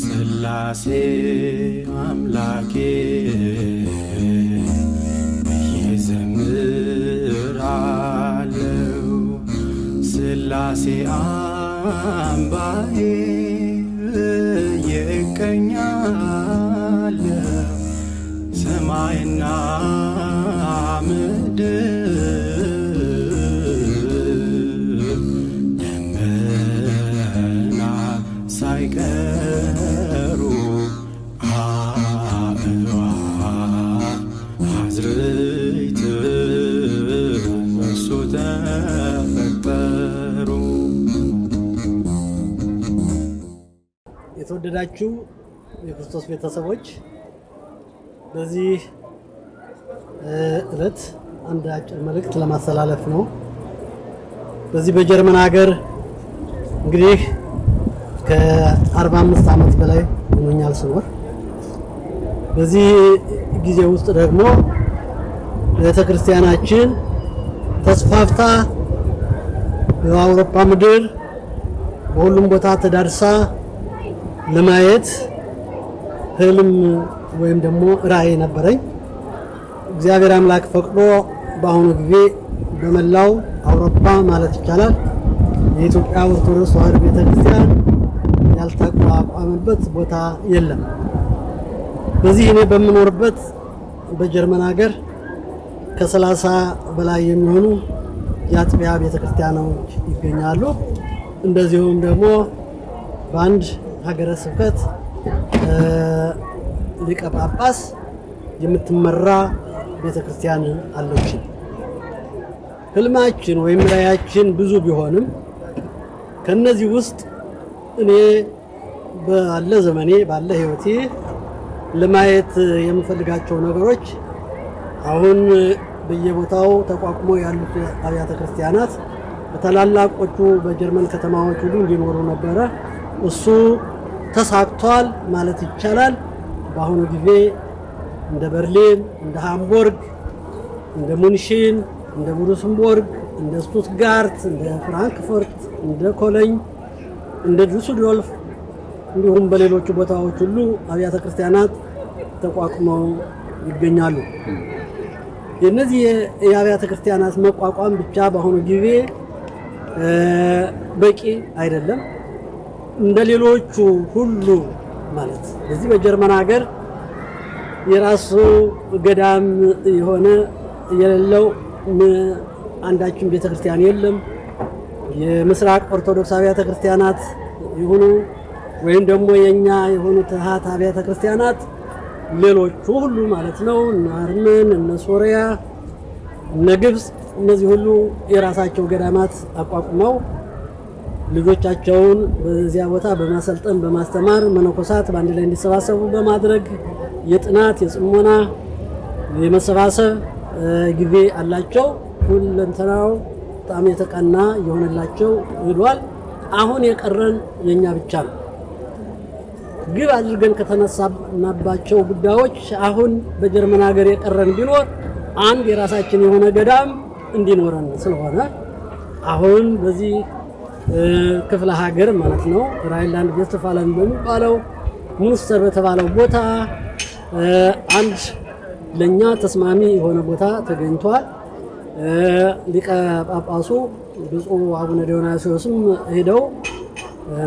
ስላሴ አምላኬ እዘምራለው ስላሴ አምባዬ የእቀኛለው ሰማይና ምድር ትርኢት የተወደዳችሁ የክርስቶስ ቤተሰቦች በዚህ እለት አንድ አጭር መልእክት ለማስተላለፍ ነው። በዚህ በጀርመን ሀገር እንግዲህ ከ45 ዓመት በላይ ሆኖኛል ስኖር። በዚህ ጊዜ ውስጥ ደግሞ ቤተ ክርስቲያናችን ተስፋፍታ በአውሮፓ ምድር በሁሉም ቦታ ተዳርሳ ለማየት ህልም ወይም ደግሞ ራዕይ ነበረኝ። እግዚአብሔር አምላክ ፈቅዶ በአሁኑ ጊዜ በመላው አውሮፓ ማለት ይቻላል የኢትዮጵያ ኦርቶዶክስ ተዋሕዶ ቤተክርስቲያን ያልተቋቋመበት ቦታ የለም። በዚህ እኔ በምኖርበት በጀርመን ሀገር ከሰላሳ በላይ የሚሆኑ የአጥቢያ ቤተክርስቲያኖች ይገኛሉ። እንደዚሁም ደግሞ በአንድ ሀገረ ስብከት ሊቀ ጳጳስ የምትመራ ቤተክርስቲያን አለችን። ህልማችን ወይም ራያችን ብዙ ቢሆንም ከነዚህ ውስጥ እኔ ባለ ዘመኔ ባለ ህይወቴ ለማየት የምፈልጋቸው ነገሮች አሁን በየቦታው ተቋቁሞ ያሉት አብያተ ክርስቲያናት በታላላቆቹ በጀርመን ከተማዎች ሁሉ እንዲኖሩ ነበረ። እሱ ተሳክቷል ማለት ይቻላል። በአሁኑ ጊዜ እንደ በርሊን፣ እንደ ሃምቡርግ፣ እንደ ሙንሽን፣ እንደ ቡሩስምቦርግ፣ እንደ ስቱትጋርት፣ እንደ ፍራንክፉርት፣ እንደ ኮለኝ እንደ ዱስዶልፍ እንዲሁም በሌሎቹ ቦታዎች ሁሉ አብያተ ክርስቲያናት ተቋቁመው ይገኛሉ። የእነዚህ የአብያተ ክርስቲያናት መቋቋም ብቻ በአሁኑ ጊዜ በቂ አይደለም። እንደ ሌሎቹ ሁሉ ማለት በዚህ በጀርመን ሀገር የራሱ ገዳም የሆነ የሌለው አንዳችን ቤተ ክርስቲያን የለም። የምስራቅ ኦርቶዶክስ አብያተ ክርስቲያናት የሆኑ ወይም ደግሞ የእኛ የሆኑት ሀት አብያተ ክርስቲያናት ሌሎቹ ሁሉ ማለት ነው እነ አርመን፣ እነ ሶሪያ፣ እነ ግብፅ እነዚህ ሁሉ የራሳቸው ገዳማት አቋቁመው ልጆቻቸውን በዚያ ቦታ በማሰልጠን በማስተማር መነኮሳት በአንድ ላይ እንዲሰባሰቡ በማድረግ የጥናት የጽሞና የመሰባሰብ ጊዜ አላቸው። ሁለንተናው በጣም የተቀና የሆነላቸው ይሏል። አሁን የቀረን የእኛ ብቻ ነው። ግብ አድርገን ከተነሳናባቸው ጉዳዮች አሁን በጀርመን ሀገር የቀረን ቢኖር አንድ የራሳችን የሆነ ገዳም እንዲኖረን ስለሆነ አሁን በዚህ ክፍለ ሀገር ማለት ነው ራይንላንድ ቬስትፋለን በሚባለው ሙንስተር በተባለው ቦታ አንድ ለእኛ ተስማሚ የሆነ ቦታ ተገኝቷል። ሊቀ ጳጳሱ ብፁዕ አቡነ ዲዮናስዮስም ሄደው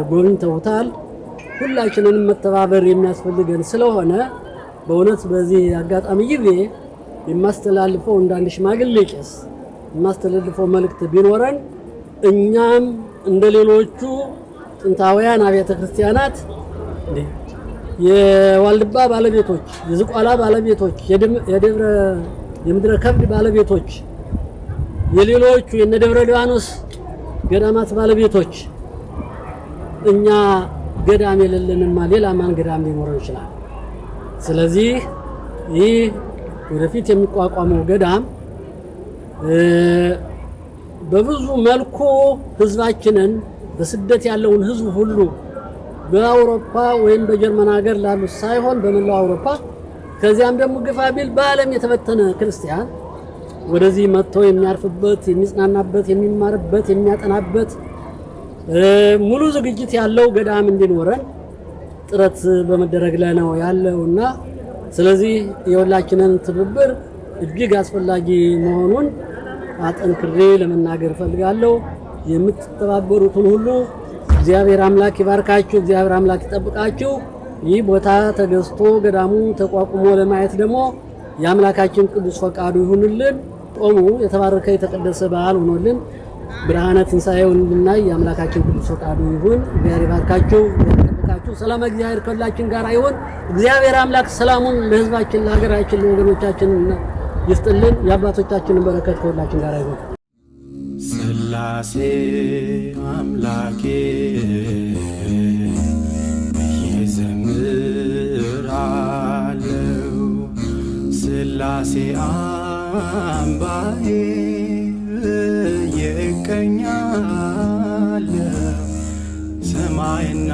ጎብኝተውታል። ሁላችንንም መተባበር የሚያስፈልገን ስለሆነ በእውነት በዚህ አጋጣሚ ጊዜ የማስተላልፈው እንዳንድ አንድ ሽማግሌ ቄስ የማስተላልፈው መልእክት ቢኖረን እኛም እንደ ሌሎቹ ጥንታውያን አብያተ ክርስቲያናት የዋልድባ ባለቤቶች፣ የዝቋላ ባለቤቶች፣ የደብረ የምድረ ከብድ ባለቤቶች፣ የሌሎቹ የነ ደብረ ሊባኖስ ገዳማት ባለቤቶች እኛ ገዳም የሌለንማ ሌላ ማን ገዳም ሊኖረው ይችላል? ስለዚህ ይህ ወደፊት የሚቋቋመው ገዳም በብዙ መልኩ ህዝባችንን በስደት ያለውን ህዝብ ሁሉ በአውሮፓ ወይም በጀርመን ሀገር ላሉት ሳይሆን በመላው አውሮፓ ከዚያም ደግሞ ግፋ ቢል በዓለም የተበተነ ክርስቲያን ወደዚህ መጥቶ የሚያርፍበት፣ የሚጽናናበት፣ የሚማርበት፣ የሚያጠናበት ሙሉ ዝግጅት ያለው ገዳም እንዲኖረን ጥረት በመደረግ ላይ ነው ያለው እና ስለዚህ የሁላችንን ትብብር እጅግ አስፈላጊ መሆኑን አጠንክሬ ለመናገር እፈልጋለሁ። የምትተባበሩትን ሁሉ እግዚአብሔር አምላክ ይባርካችሁ፣ እግዚአብሔር አምላክ ይጠብቃችሁ። ይህ ቦታ ተገዝቶ ገዳሙ ተቋቁሞ ለማየት ደግሞ የአምላካችን ቅዱስ ፈቃዱ ይሁንልን። ጾሙ የተባረከ የተቀደሰ በዓል ሆኖልን ብርሃነ ትንሣኤውን እንድናይ የአምላካችን ቅዱስ ፈቃዱ ይሁን። እግዚአብሔር ይባርካችሁ፣ ይጠብቃችሁ። ሰላም እግዚአብሔር ከሁላችን ጋር ይሁን። እግዚአብሔር አምላክ ሰላሙን ለሕዝባችን፣ ለሀገራችን፣ ለወገኖቻችን ይስጥልን። የአባቶቻችንን በረከት ከሁላችን ጋር ይሁን። ስላሴ አምላኬ ይዘምራለው ስላሴ አምባዬ ይገኛል ሰማይና